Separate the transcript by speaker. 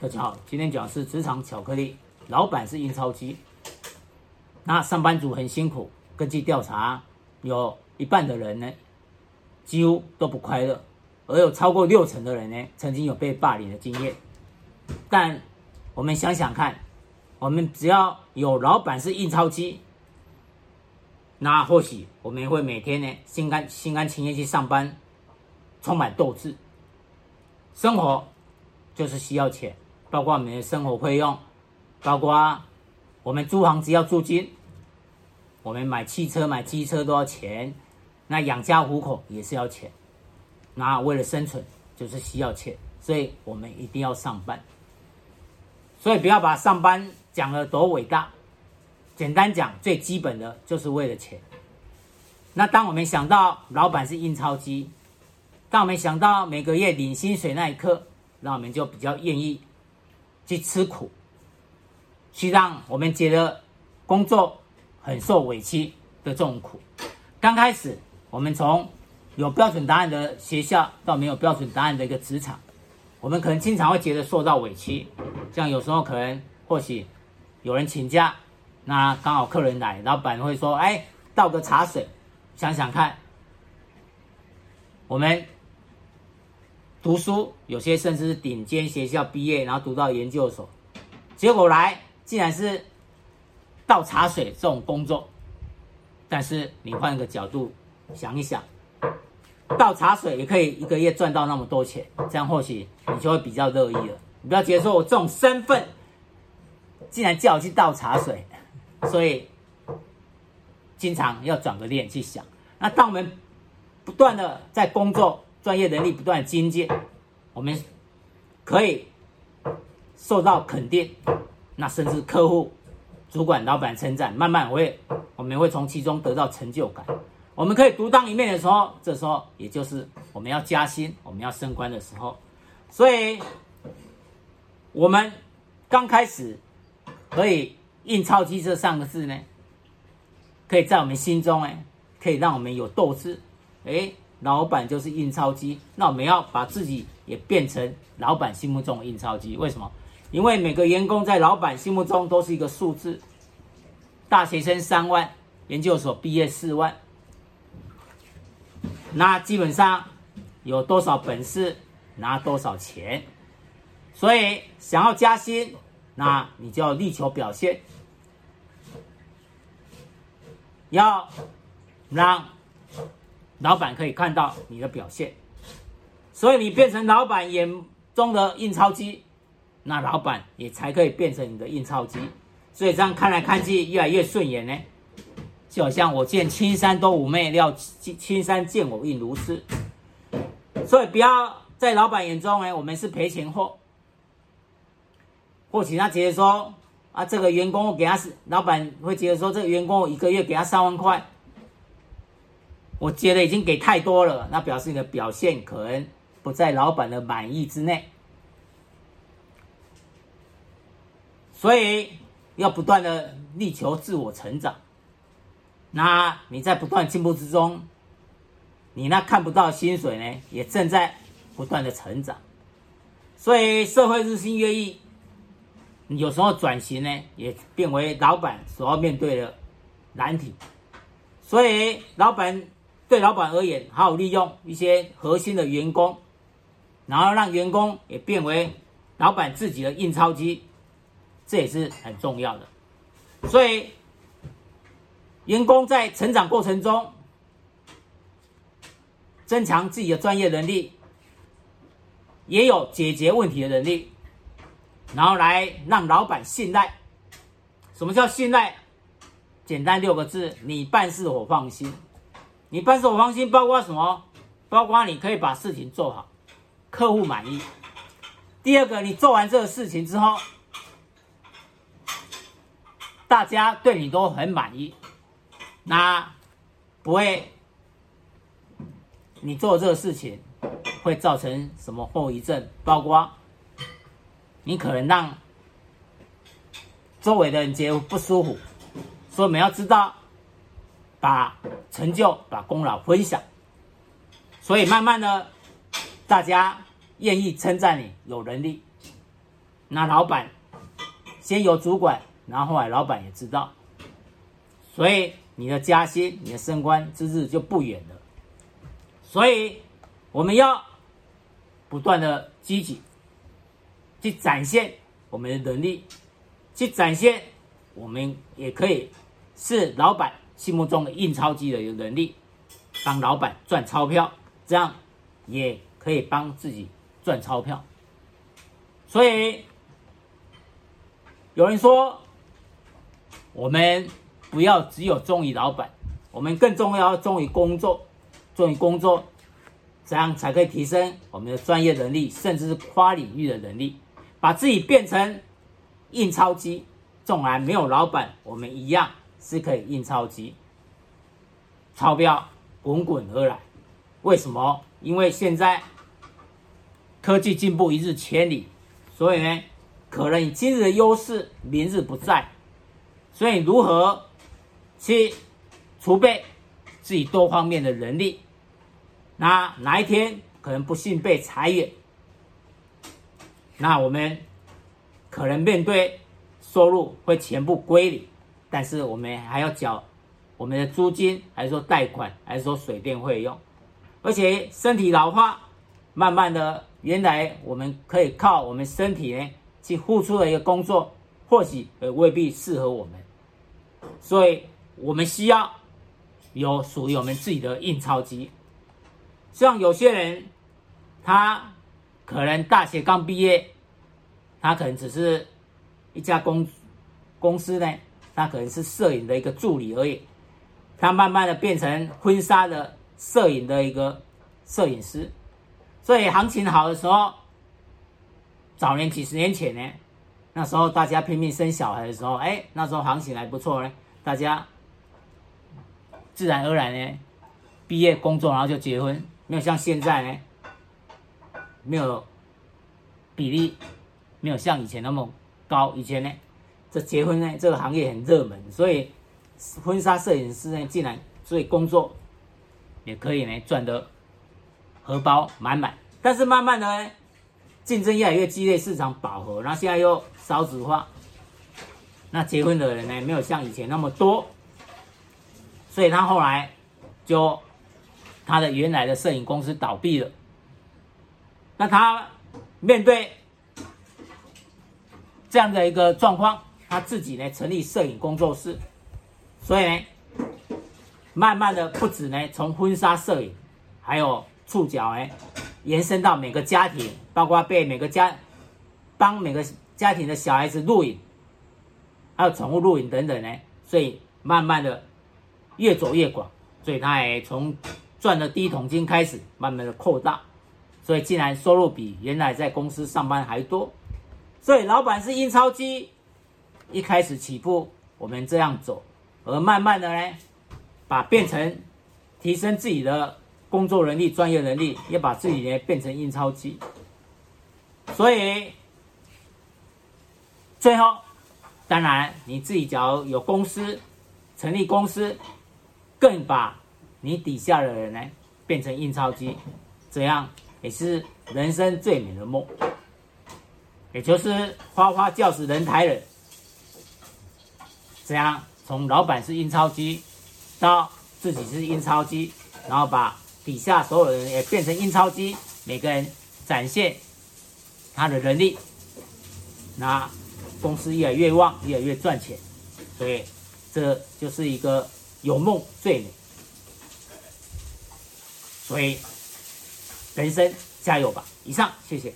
Speaker 1: 大家好，今天講的是職場巧克力，老闆是印鈔機。那上班族很辛苦，根據調查，有一半的人呢幾乎都不快樂，而有超過六成的人呢曾經有被霸凌的經驗。但我們想想看，我們只要有老闆是印鈔機，那或許我們也會每天呢心甘心甘情願去上班，充滿鬥志。生活就是需要錢。包括我們的生活費用，包括我們租房子要租金，我們買汽車、買機車都要錢，那養家糊口也是要錢，那為了生存就是需要錢，所以我們一定要上班。所以不要把上班講得多偉大，簡單講最基本的就是為了錢。那當我們想到老闆是印鈔機，當我們想到每個月領薪水那一刻，那我們就比較願意。去吃苦，去讓我們覺得工作很受委屈的這種苦。剛開始，我們從有標準答案的學校到沒有標準答案的一個職場，我們可能經常會覺得受到委屈。像有時候可能或許有人請假，那剛好客人來，老闆會說：“哎，倒個茶水。”想想看，我們。讀書，有些甚至是頂尖學校畢業，然後讀到研究所，結果來竟然是倒茶水這種工作。但是你換個角度想一想，倒茶水也可以一個月賺到那麼多錢，這樣或許你就會比較樂意了。你不要覺得說我這種身份竟然叫我去倒茶水，所以經常要轉個念去想。那當我們不斷的在工作。專業能力不斷精進，我們可以受到肯定，那甚至客戶、主管、老闆稱讚，慢慢會，我們也會從其中得到成就感。我們可以獨當一面的時候，這時候也就是我們要加薪、我們要升官的時候。所以，我們剛開始可以“印鈔機”這三個字呢，可以在我們心中哎、欸，可以讓我們有鬥志，欸。老闆就是印鈔機，那我們要把自己也變成老闆心目中的印鈔機。為什麼？因為每個員工在老闆心目中都是一個數字：大學生三萬，研究所畢業四萬。那基本上有多少本事，拿多少錢。所以想要加薪，那你就要力求表現。要讓。老闆可以看到你的表現，所以你變成老闆眼中的印鈔機，那老闆也才可以變成你的印鈔機。所以這樣看來看去越來越順眼呢，就好像我見青山多嫵媚，料青山見我應如是。所以不要在老闆眼中呢，我們是賠錢貨，或許他覺得說啊，這個員工我給他是老闆會覺得說，這個員工我一個月給他三萬塊。我覺得已經給太多了，那表示你的表現可能不在老板的滿意之內，所以要不斷的力求自我成長。那你在不斷進步之中，你那看不到薪水呢，也正在不斷的成長。所以社會日新月異，你有時候轉型呢，也變為老板所要面對的難題。所以老板。對老闆而言，好好利用一些核心的員工，然後讓員工也變為老闆自己的印鈔機，這也是很重要的。所以，員工在成長過程中，增強自己的專業能力，也有解決問題的能力，然後來讓老闆信賴。什麼叫信賴？簡單六個字：你辦事，我放心。你辦事，我放心，包括什麼？包括你可以把事情做好，客戶滿意。第二個，你做完這個事情之後，大家對你都很滿意，那不會，你做這個事情會造成什麼後遺症？包括你可能讓周圍的人覺得不舒服，所以我們要知道。把成就、把功勞分享，所以慢慢的，大家願意稱讚你有能力。那老闆先由主管，然後後來老闆也知道，所以你的加薪、你的升官之日就不遠了。所以我們要不斷的積極去展現我們的能力，去展現我們也可以是老闆。心目中的印鈔機的能力，幫老闆賺鈔票，這樣也可以幫自己賺鈔票。所以有人說，我們不要只有忠於老闆，我們更重要忠於工作，忠於工作，這樣才可以提升我們的專業能力，甚至是跨領域的能力，把自己變成印鈔機。縱然沒有老闆，我們一樣。是可以印鈔機，鈔票滾滾而來，為什麼？因為現在科技進步一日千里，所以呢，可能你今日的優勢，明日不在。所以如何去儲備自己多方面的能力？那哪一天可能不幸被裁員，那我們可能面對收入會全部歸零。但是我們還要繳我們的租金，還是說貸款，還是說水電費用。而且身體老化，慢慢的，原來我們可以靠我們身體呢去付出的一個工作，或許也未必適合我們，所以我們需要有屬於我們自己的印鈔機。像有些人，他可能大學剛畢業，他可能只是一家公公司呢。他可能是攝影的一個助理而已，他慢慢的變成婚紗的攝影的一個攝影師，所以行情好的時候，早年幾十年前呢，那時候大家拼命生小孩的時候，哎，那時候行情還不錯呢，大家自然而然呢，畢業工作然後就結婚，沒有像現在呢，沒有比例，沒有像以前那麼高，以前呢。這結婚呢，這個行業很熱門，所以婚紗攝影師呢，進來，所以工作也可以呢，賺得荷包滿滿。但是慢慢的，競爭越來越激烈，市場飽和，然後現在又少子化，那結婚的人呢，沒有像以前那麼多，所以他後來就他的原來的攝影公司倒閉了。那他面對這樣的一個狀況。他自己呢，成立攝影工作室，所以呢，慢慢的不止呢從婚紗攝影，還有觸角哎，延伸到每個家庭，包括被每個家幫每個家庭的小孩子錄影，還有寵物錄影等等呢，所以慢慢的越走越廣，所以他也從賺的第一桶金開始，慢慢的擴大，所以竟然收入比原來在公司上班還多，所以老闆是印鈔機。一開始起步，我們這樣走，而慢慢的呢，把變成提升自己的工作能力、專業能力，也把自己呢變成印鈔機。所以最後，當然你自己只要有公司，成立公司，更把你底下的人呢變成印鈔機，這樣也是人生最美的夢，也就是花花轎子人抬人。這樣，從老闆是印鈔機，到自己是印鈔機，然後把底下所有人也變成印鈔機，每個人展現他的能力，那公司越來越旺，越來越賺錢。所以，這就是一個有夢最美。所以，人生加油吧！以上，謝謝。